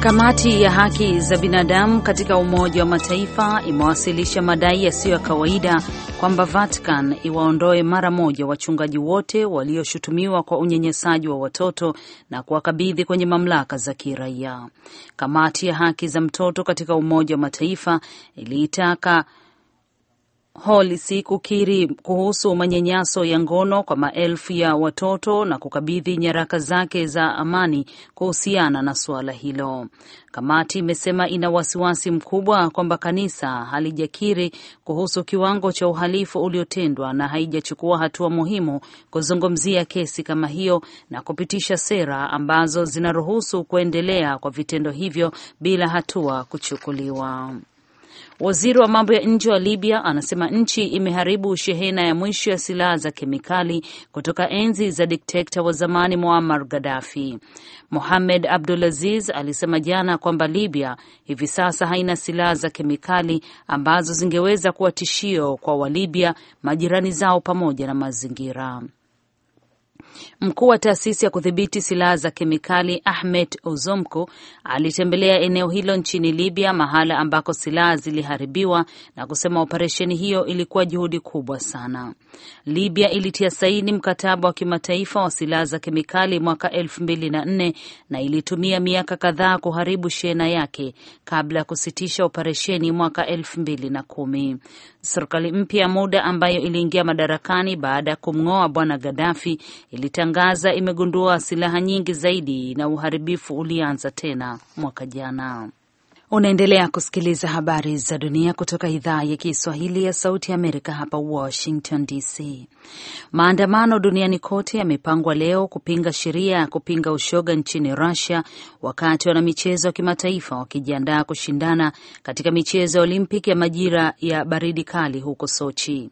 Kamati ya haki za binadamu katika Umoja wa Mataifa imewasilisha madai yasiyo ya kawaida kwamba Vatican iwaondoe mara moja wachungaji wote walioshutumiwa kwa unyenyesaji wa watoto na kuwakabidhi kwenye mamlaka za kiraia. Kamati ya haki za mtoto katika Umoja wa Mataifa iliitaka Holisi kukiri kuhusu manyanyaso ya ngono kwa maelfu ya watoto na kukabidhi nyaraka zake za amani kuhusiana na suala hilo. Kamati imesema ina wasiwasi mkubwa kwamba kanisa halijakiri kuhusu kiwango cha uhalifu uliotendwa na haijachukua hatua muhimu kuzungumzia kesi kama hiyo na kupitisha sera ambazo zinaruhusu kuendelea kwa vitendo hivyo bila hatua kuchukuliwa. Waziri wa mambo ya nje wa Libya anasema nchi imeharibu shehena ya mwisho ya silaha za kemikali kutoka enzi za dikteta wa zamani Muammar Gaddafi. Mohamed Abdulaziz alisema jana kwamba Libya hivi sasa haina silaha za kemikali ambazo zingeweza kuwa tishio kwa Walibya, majirani zao pamoja na mazingira. Mkuu wa taasisi ya kudhibiti silaha za kemikali ahmed Ozomko alitembelea eneo hilo nchini Libya, mahala ambako silaha ziliharibiwa na kusema operesheni hiyo ilikuwa juhudi kubwa sana. Libya ilitia saini mkataba wa kimataifa wa silaha za kemikali mwaka elfu mbili na nne na ilitumia miaka kadhaa kuharibu shehena yake kabla ya kusitisha operesheni mwaka elfu mbili na kumi. Serikali mpya ya muda ambayo iliingia madarakani baada ya kumng'oa bwana Gaddafi ilitangaza imegundua silaha nyingi zaidi na uharibifu ulianza tena mwaka jana. Unaendelea kusikiliza habari za dunia kutoka idhaa ya Kiswahili ya Sauti ya Amerika hapa Washington DC. Maandamano duniani kote yamepangwa leo kupinga sheria ya kupinga ushoga nchini Russia, wakati wanamichezo wa kimataifa wakijiandaa kushindana katika michezo ya Olimpiki ya majira ya baridi kali huko Sochi.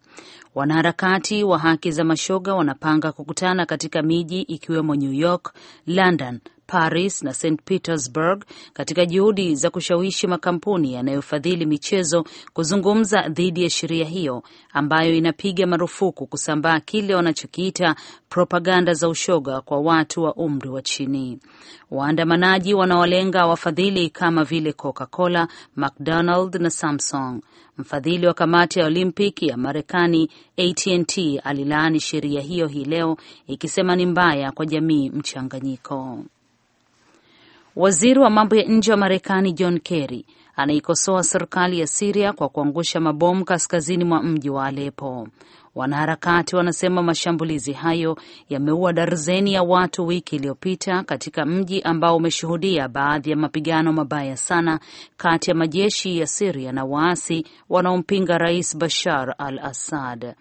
Wanaharakati wa haki za mashoga wanapanga kukutana katika miji ikiwemo New York, London, Paris na St Petersburg katika juhudi za kushawishi makampuni yanayofadhili michezo kuzungumza dhidi ya sheria hiyo ambayo inapiga marufuku kusambaa kile wanachokiita propaganda za ushoga kwa watu wa umri wa chini. Waandamanaji wanawalenga wafadhili kama vile Coca-Cola, McDonald na Samsung. Mfadhili wa kamati ya Olimpiki ya Marekani AT&T alilaani sheria hiyo hii leo ikisema ni mbaya kwa jamii mchanganyiko. Waziri wa mambo ya nje wa Marekani John Kerry anaikosoa serikali ya Siria kwa kuangusha mabomu kaskazini mwa mji wa Alepo. Wanaharakati wanasema mashambulizi hayo yameua darzeni ya watu wiki iliyopita katika mji ambao umeshuhudia baadhi ya mapigano mabaya sana kati ya majeshi ya Siria na waasi wanaompinga Rais Bashar al Assad.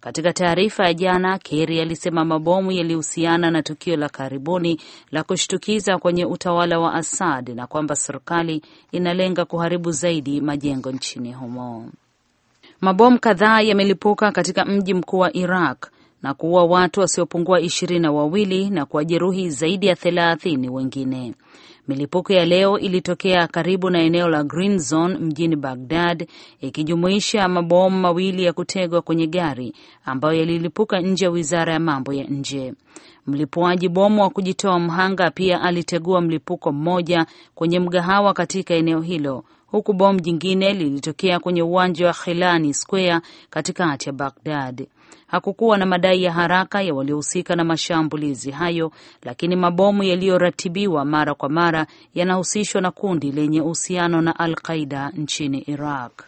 Katika taarifa ya jana, Kerry alisema mabomu yalihusiana na tukio la karibuni la kushtukiza kwenye utawala wa Assad na kwamba serikali inalenga kuharibu zaidi majengo nchini humo. Mabomu kadhaa yamelipuka katika mji mkuu wa Iraq na kuua watu wasiopungua ishirini na wawili na kuwajeruhi zaidi ya thelathini wengine. Milipuko ya leo ilitokea karibu na eneo la Green Zone mjini Bagdad, ikijumuisha mabomu mawili ya kutegwa kwenye gari ambayo yalilipuka nje ya wizara ya mambo ya nje. Mlipuaji bomu wa kujitoa mhanga pia alitegua mlipuko mmoja kwenye mgahawa katika eneo hilo huku bomu jingine lilitokea kwenye uwanja wa Khilani Square katikati ya Baghdad. Hakukuwa na madai ya haraka ya waliohusika na mashambulizi hayo, lakini mabomu yaliyoratibiwa mara kwa mara yanahusishwa na kundi lenye uhusiano na Al Qaida nchini Iraq.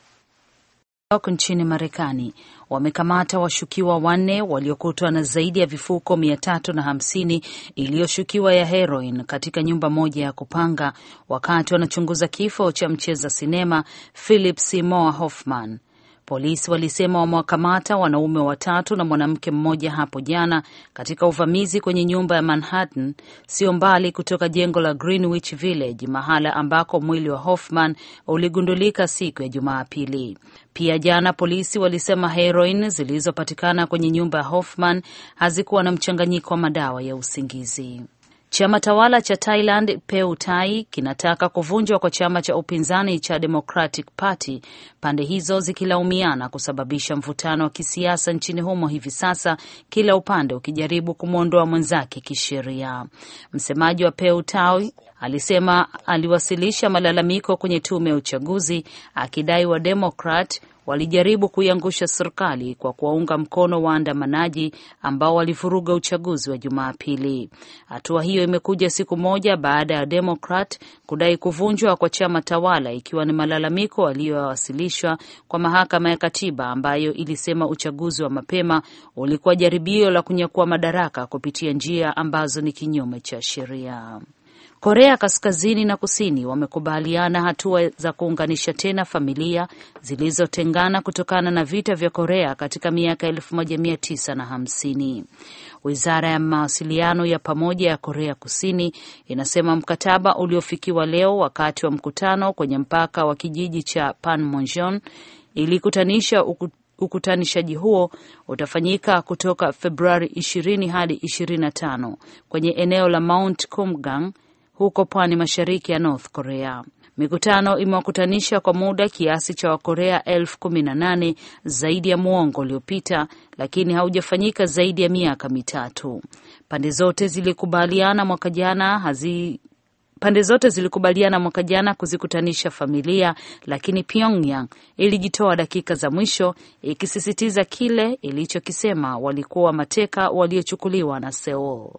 York nchini Marekani wamekamata washukiwa wanne waliokutwa na zaidi ya vifuko mia tatu na hamsini iliyoshukiwa ya heroin katika nyumba moja ya kupanga wakati wanachunguza kifo cha mcheza sinema Philip Seymour Hoffman. Polisi walisema wamewakamata wanaume watatu na mwanamke mmoja hapo jana katika uvamizi kwenye nyumba ya Manhattan, sio mbali kutoka jengo la Greenwich Village, mahala ambako mwili wa Hoffman uligundulika siku ya Jumapili. Pia jana polisi walisema heroin zilizopatikana kwenye nyumba ya Hoffman hazikuwa na mchanganyiko wa madawa ya usingizi. Chama tawala cha Thailand peutai kinataka kuvunjwa kwa chama cha upinzani cha Democratic Party, pande hizo zikilaumiana kusababisha mvutano wa kisiasa nchini humo hivi sasa, kila upande ukijaribu kumwondoa mwenzake kisheria. Msemaji wa Pheu alisema aliwasilisha malalamiko kwenye tume ya uchaguzi akidai wa walijaribu kuiangusha serikali kwa kuwaunga mkono waandamanaji ambao walivuruga uchaguzi wa Jumapili. Hatua hiyo imekuja siku moja baada ya Demokrat kudai kuvunjwa kwa chama tawala, ikiwa ni malalamiko aliyowasilishwa kwa mahakama ya katiba ambayo ilisema uchaguzi wa mapema ulikuwa jaribio la kunyakua madaraka kupitia njia ambazo ni kinyume cha sheria. Korea Kaskazini na Kusini wamekubaliana hatua za kuunganisha tena familia zilizotengana kutokana na vita vya Korea katika miaka 1950. Wizara ya mawasiliano ya pamoja ya Korea Kusini inasema mkataba uliofikiwa leo wakati wa mkutano kwenye mpaka wa kijiji cha Panmunjom ilikutanisha ukutanishaji huo utafanyika kutoka Februari 20 hadi 25 kwenye eneo la Mount Kumgang huko pwani mashariki ya North Korea. Mikutano imewakutanisha kwa muda kiasi cha Wakorea elfu kumi na nane zaidi ya muongo uliopita, lakini haujafanyika zaidi ya miaka mitatu. Pande zote zilikubaliana mwaka jana hazi Pande zote zilikubaliana mwaka jana kuzikutanisha familia, lakini Pyongyang ilijitoa dakika za mwisho ikisisitiza kile ilichokisema walikuwa mateka waliochukuliwa na Seoul.